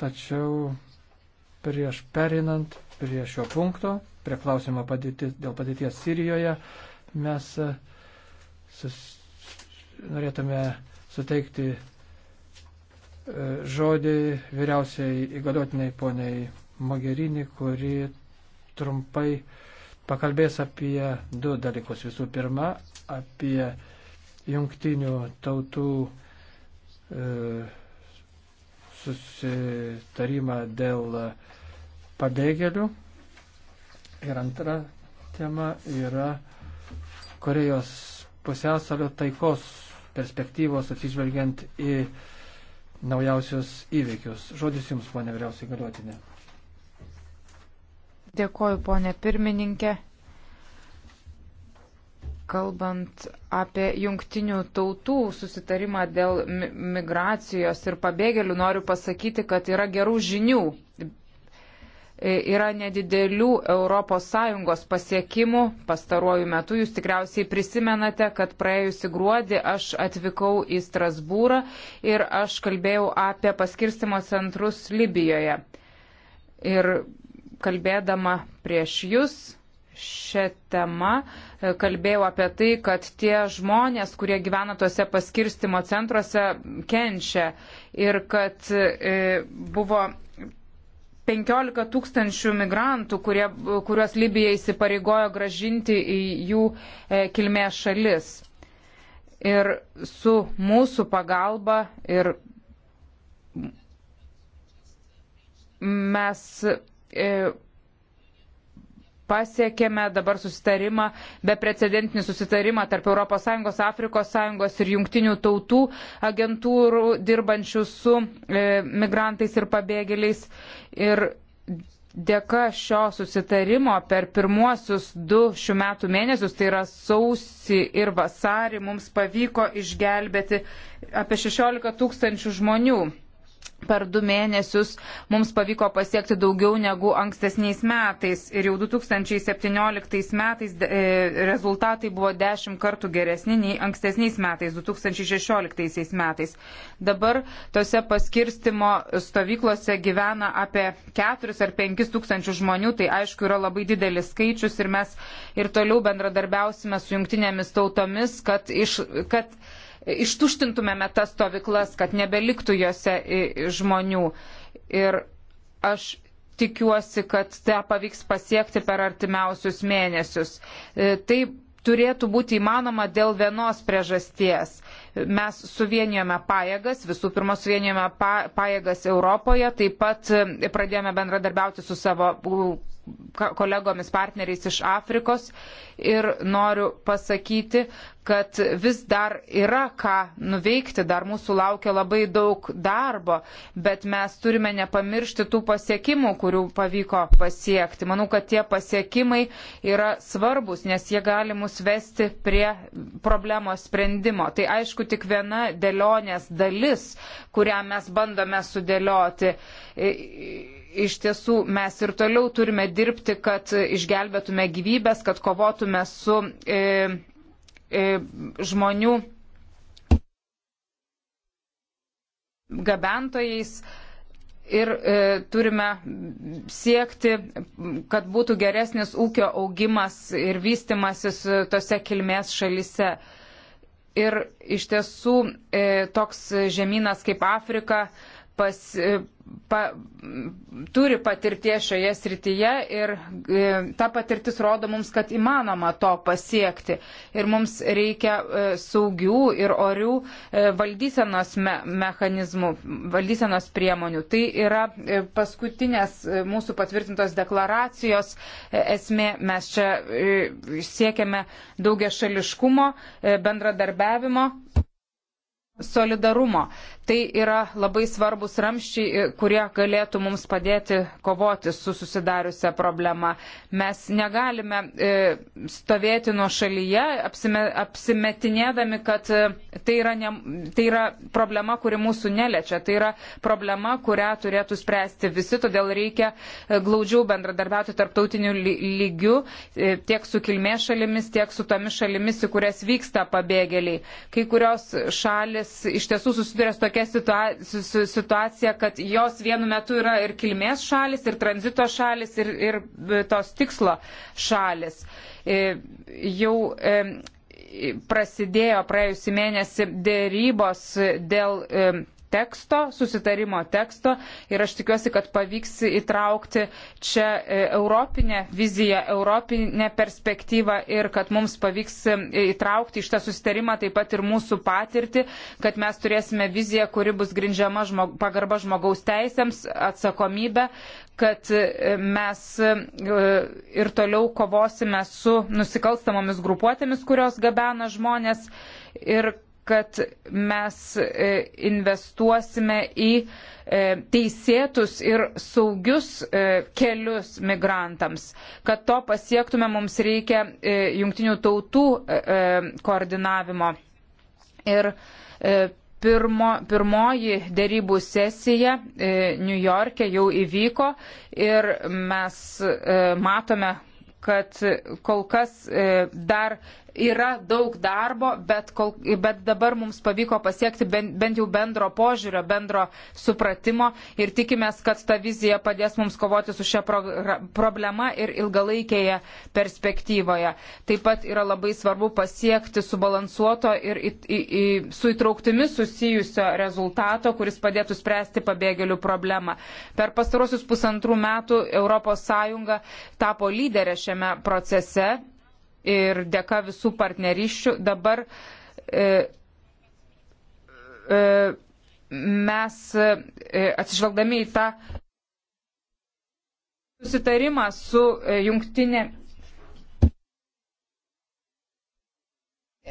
Tačiau prieš perinant prie šio punkto, prie klausimo padėtis, dėl padėties Sirijoje, mes e, sus, norėtume suteikti e, žodį vyriausiai įgaliotiniai poniai Mogherini, kuri trumpai pakalbės apie du dalykus. Visų pirma, apie jungtinių tautų e, susitarimą dėl pabėgėlių. Ir antra tema yra Korejos pusiasalio taikos perspektyvos atsižvelgiant į naujausius įvykius. Žodis Jums, ponė vyriausiai galiotinė. Dėkoju, ponė pirmininkė kalbant apie jungtinių tautų susitarimą dėl migracijos ir pabėgėlių, noriu pasakyti, kad yra gerų žinių. Yra nedidelių ES pasiekimų pastaruoju metu. Jūs tikriausiai prisimenate, kad praėjusi gruodį aš atvykau į Strasbūrą ir aš kalbėjau apie paskirstimo centrus Libijoje. Ir kalbėdama prieš jūs, šią temą. Kalbėjau apie tai, kad tie žmonės, kurie gyvena tuose paskirstimo centruose, kenčia ir kad e, buvo 15 tūkstančių migrantų, kurie, kuriuos Libija įsipareigojo gražinti į jų e, kilmės šalis. Ir su mūsų pagalba ir mes. E, pasiekėme dabar susitarimą, beprecedentinį susitarimą tarp ES, Afrikos Sąjungos ir jungtinių tautų agentūrų dirbančių su e, migrantais ir pabėgėliais. Ir dėka šio susitarimo per pirmuosius du šių metų mėnesius, tai yra sausi ir vasarį, mums pavyko išgelbėti apie 16 tūkstančių žmonių per du mėnesius mums pavyko pasiekti daugiau negu ankstesniais metais. Ir jau 2017 metais e, rezultatai buvo dešimt kartų geresni nei ankstesniais metais, 2016 metais. Dabar tose paskirstimo stovyklose gyvena apie 4 ar 5 tūkstančių žmonių. Tai aišku yra labai didelis skaičius ir mes ir toliau bendradarbiausime su jungtinėmis tautomis, kad, iš, kad ištuštintumėme tas stovyklas, kad nebeliktų juose žmonių. Ir aš tikiuosi, kad tą pavyks pasiekti per artimiausius mėnesius. E, tai turėtų būti įmanoma dėl vienos priežasties. Mes suvienijome pajėgas, visų pirma suvienijome pajėgas Europoje, taip pat e, pradėjome bendradarbiauti su savo kolegomis partneriais iš Afrikos ir noriu pasakyti, kad vis dar yra ką nuveikti, dar mūsų laukia labai daug darbo, bet mes turime nepamiršti tų pasiekimų, kurių pavyko pasiekti. Manau, kad tie pasiekimai yra svarbus, nes jie gali mus vesti prie problemos sprendimo. Tai aišku, tik viena dėlionės dalis, kurią mes bandome sudėlioti iš tiesų mes ir toliau turime dirbti, kad išgelbėtume gyvybės, kad kovotume su e, e, žmonių gabentojais. Ir e, turime siekti, kad būtų geresnis ūkio augimas ir vystimasis tose kilmės šalise. Ir iš tiesų e, toks žemynas kaip Afrika e, pas, pa, turi patirtie šioje srityje ir e, ta patirtis rodo mums, kad įmanoma to pasiekti. Ir mums reikia e, saugių ir orių e, valdysenos me, mechanizmų, valdysenos priemonių. Tai yra e, paskutinės e, mūsų patvirtintos deklaracijos e, esmė. Mes čia e, siekiame daugia šališkumo, e, bendradarbiavimo solidarumo. Tai yra labai svarbus ramščiai, e, kurie galėtų mums padėti kovoti su susidariusią problemą. Mes negalime e, stovėti nuo šalyje, apsimetinėdami, kad e, tai yra, ne, tai yra problema, kuri mūsų neliečia. Tai yra problema, kurią turėtų spręsti visi, todėl reikia glaudžiau bendradarbiauti tarptautiniu lygiu tiek su kilmės šalimis, tiek su tomis šalimis, į kurias vyksta pabėgėliai. Kai kurios šalis iš tiesų susiduria su tokia tokia situa situacija, kad jos vienu metu yra ir kilmės šalis, ir tranzito šalis, ir, ir e, tos tikslo šalis. E, jau e, prasidėjo praėjusį mėnesį dėrybos dėl teksto, susitarimo teksto ir aš tikiuosi, kad pavyks įtraukti čia e, europinę viziją, europinę perspektyvą ir kad mums pavyks e, įtraukti iš tą susitarimą taip pat ir mūsų patirtį, kad mes turėsime viziją, kuri bus grindžiama žmog, pagarba žmogaus teisėms, atsakomybė, kad e, mes ir toliau kovosime su nusikalstamomis grupuotėmis, kurios gabena žmonės ir kad mes e, investuosime į e, teisėtus ir saugius e, kelius migrantams. Kad to pasiektume, mums reikia jungtinių tautų koordinavimo. Ir pirmo, pirmoji dėrybų sesija e, New York'e jau įvyko ir mes e, matome, kad kol kas e, dar yra daug darbo, bet, kol, bet dabar mums pavyko pasiekti bent, bent jau bendro požiūrio, bendro supratimo ir tikimės, kad ta vizija padės mums kovoti su šia pro, problema ir ilgalaikėje perspektyvoje. Taip pat yra labai svarbu pasiekti subalansuoto ir į, į, į, su įtrauktimi susijusio rezultato, kuris padėtų spręsti pabėgėlių problemą. Per pastarosius pusantrų metų ES tapo lyderė šią šiame procese ir dėka visų partneriščių dabar e, e, mes e, atsižvelgdami į tą susitarimą su e, jungtinė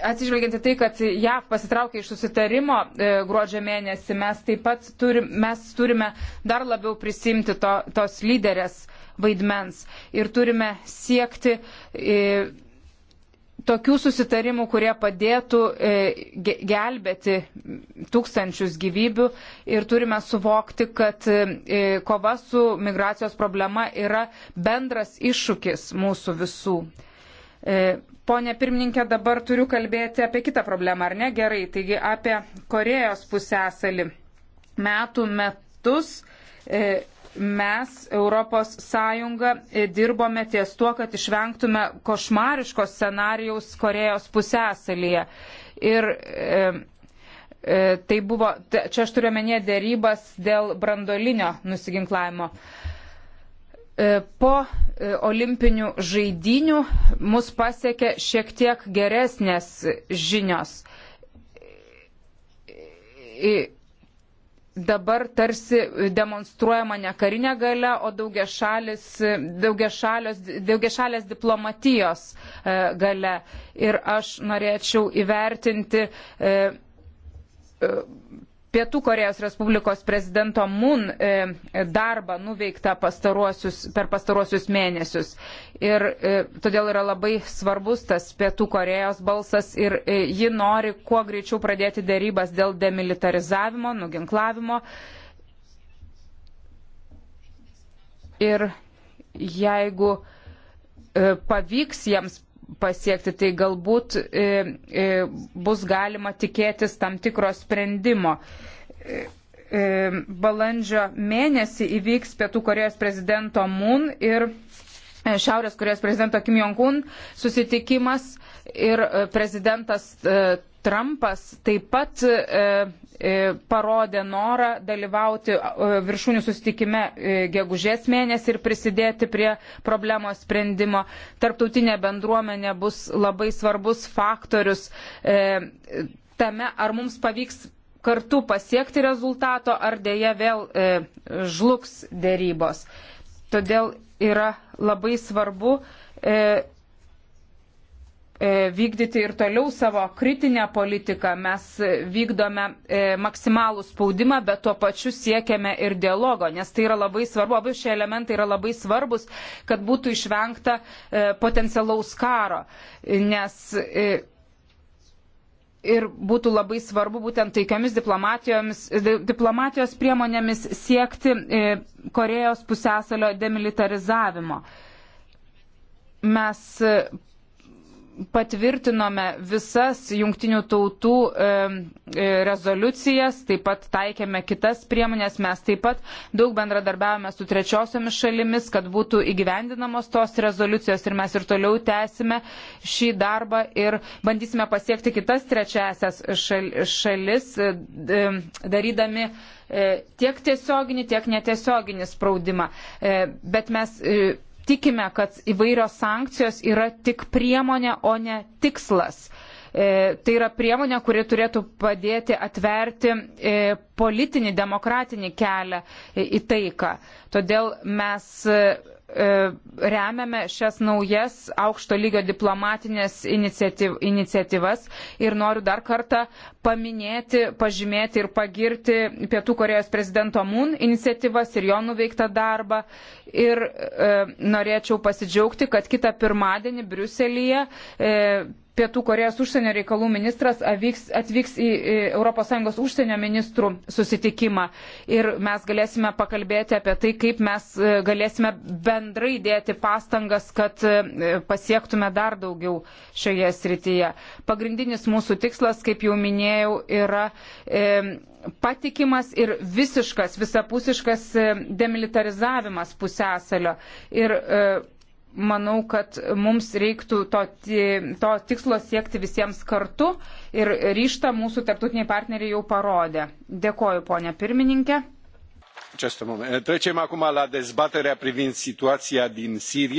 Atsižvelgiant į tai, kad JAV pasitraukė iš susitarimo e, gruodžio mėnesį, mes taip pat turim, mes turime dar labiau prisimti to, tos lyderės vaidmens ir turime siekti e, tokių susitarimų, kurie padėtų e, gelbėti tūkstančius gyvybių ir turime suvokti, kad e, kova su migracijos problema yra bendras iššūkis mūsų visų. E, Pone pirmininkė, dabar turiu kalbėti apie kitą problemą, ar ne? Gerai, taigi apie Korejos pusęsalį. Metų metus e, mes, Europos Sąjunga, e, dirbome ties tuo, kad išvengtume košmariško scenarijaus Korejos pusęsalyje. Ir e, tai buvo, čia aš turiu menė dėrybas dėl brandolinio nusiginklavimo. E, E, po e, olimpinių žaidinių mus pasiekė šiek tiek geresnės žinios. E, dabar tarsi demonstruojama ne karinė gale, o daugiašalės daugia daugia diplomatijos gale. Ir aš norėčiau įvertinti Pietų Korejos Respublikos prezidento Mun e, e, darbą nuveiktą pastaruosius, per pastaruosius mėnesius. Ir e, todėl yra labai svarbus tas Pietų Korejos balsas ir ji nori kuo greičiau pradėti dėrybas dėl demilitarizavimo, nuginklavimo. Ir jeigu pavyks jiems pasiekti, tai galbūt e, e, bus galima tikėtis tam tikro sprendimo. E, e, balandžio mėnesį įvyks Pietų Korejos prezidento Mun ir e, Šiaurės Korejos prezidento Kim Jong-un susitikimas ir e, prezidentas e, Trumpas taip pat e, e, parodė norą dalyvauti e, viršūnių sustikime e, gegužės mėnesį ir prisidėti prie problemos sprendimo. Tarptautinė bendruomenė bus labai svarbus faktorius e, tame, ar mums pavyks kartu pasiekti rezultato, ar dėja vėl e, žlugs dėrybos. Todėl yra labai svarbu. E, E, vykdyti ir toliau savo kritinę politiką. Mes vykdome e, maksimalų spaudimą, bet tuo pačiu siekiame ir dialogo, nes tai yra labai svarbu, abu šie elementai yra labai svarbus, kad būtų išvengta e, potencialaus karo. Nes ir būtų labai svarbu būtent taikiamis diplomatijos priemonėmis siekti Korejos pusęsalio demilitarizavimo. Mes patvirtinome visas jungtinių tautų e, rezoliucijas, taip pat taikėme kitas priemonės, mes taip pat daug bendradarbiavome su trečiosiomis šalimis, kad būtų įgyvendinamos tos rezoliucijos ir mes ir toliau tęsime šį darbą ir bandysime pasiekti kitas trečiasias šalis, e, darydami e, tiek tiesioginį, tiek netiesioginį spaudimą. Bet mes tikime, kad įvairios sankcijos yra tik priemonė, o ne tikslas. E, tai yra priemonė, kuri turėtų padėti atverti e, politinį, demokratinį kelią e, į taiką. Todėl mes. E, E, remiame šias naujas aukšto lygio diplomatinės iniciatyv, iniciatyvas ir noriu dar kartą paminėti, pažymėti ir pagirti Pietų Korejos prezidento Mun iniciatyvas ir jo nuveiktą darbą. Ir e, norėčiau pasidžiaugti, kad kitą pirmadienį Briuselyje e, Pietų Korejos užsienio reikalų ministras avyks, atvyks į ES užsienio ministrų susitikimą ir mes galėsime pakalbėti apie tai, kaip mes e, galėsime bendrai dėti pastangas, kad e, pasiektume dar daugiau šioje srityje. Pagrindinis mūsų tikslas, kaip jau minėjau, yra e, patikimas ir visiškas, visapusiškas e, demilitarizavimas pusęsalio. Ir, e, manau, kad mums reiktų to, to tikslo siekti visiems kartu ir ryštą mūsų tarptautiniai partneriai jau parodė. Dėkoju, ponė pirmininkė. Trecem acum la dezbaterea privind situația din Siria.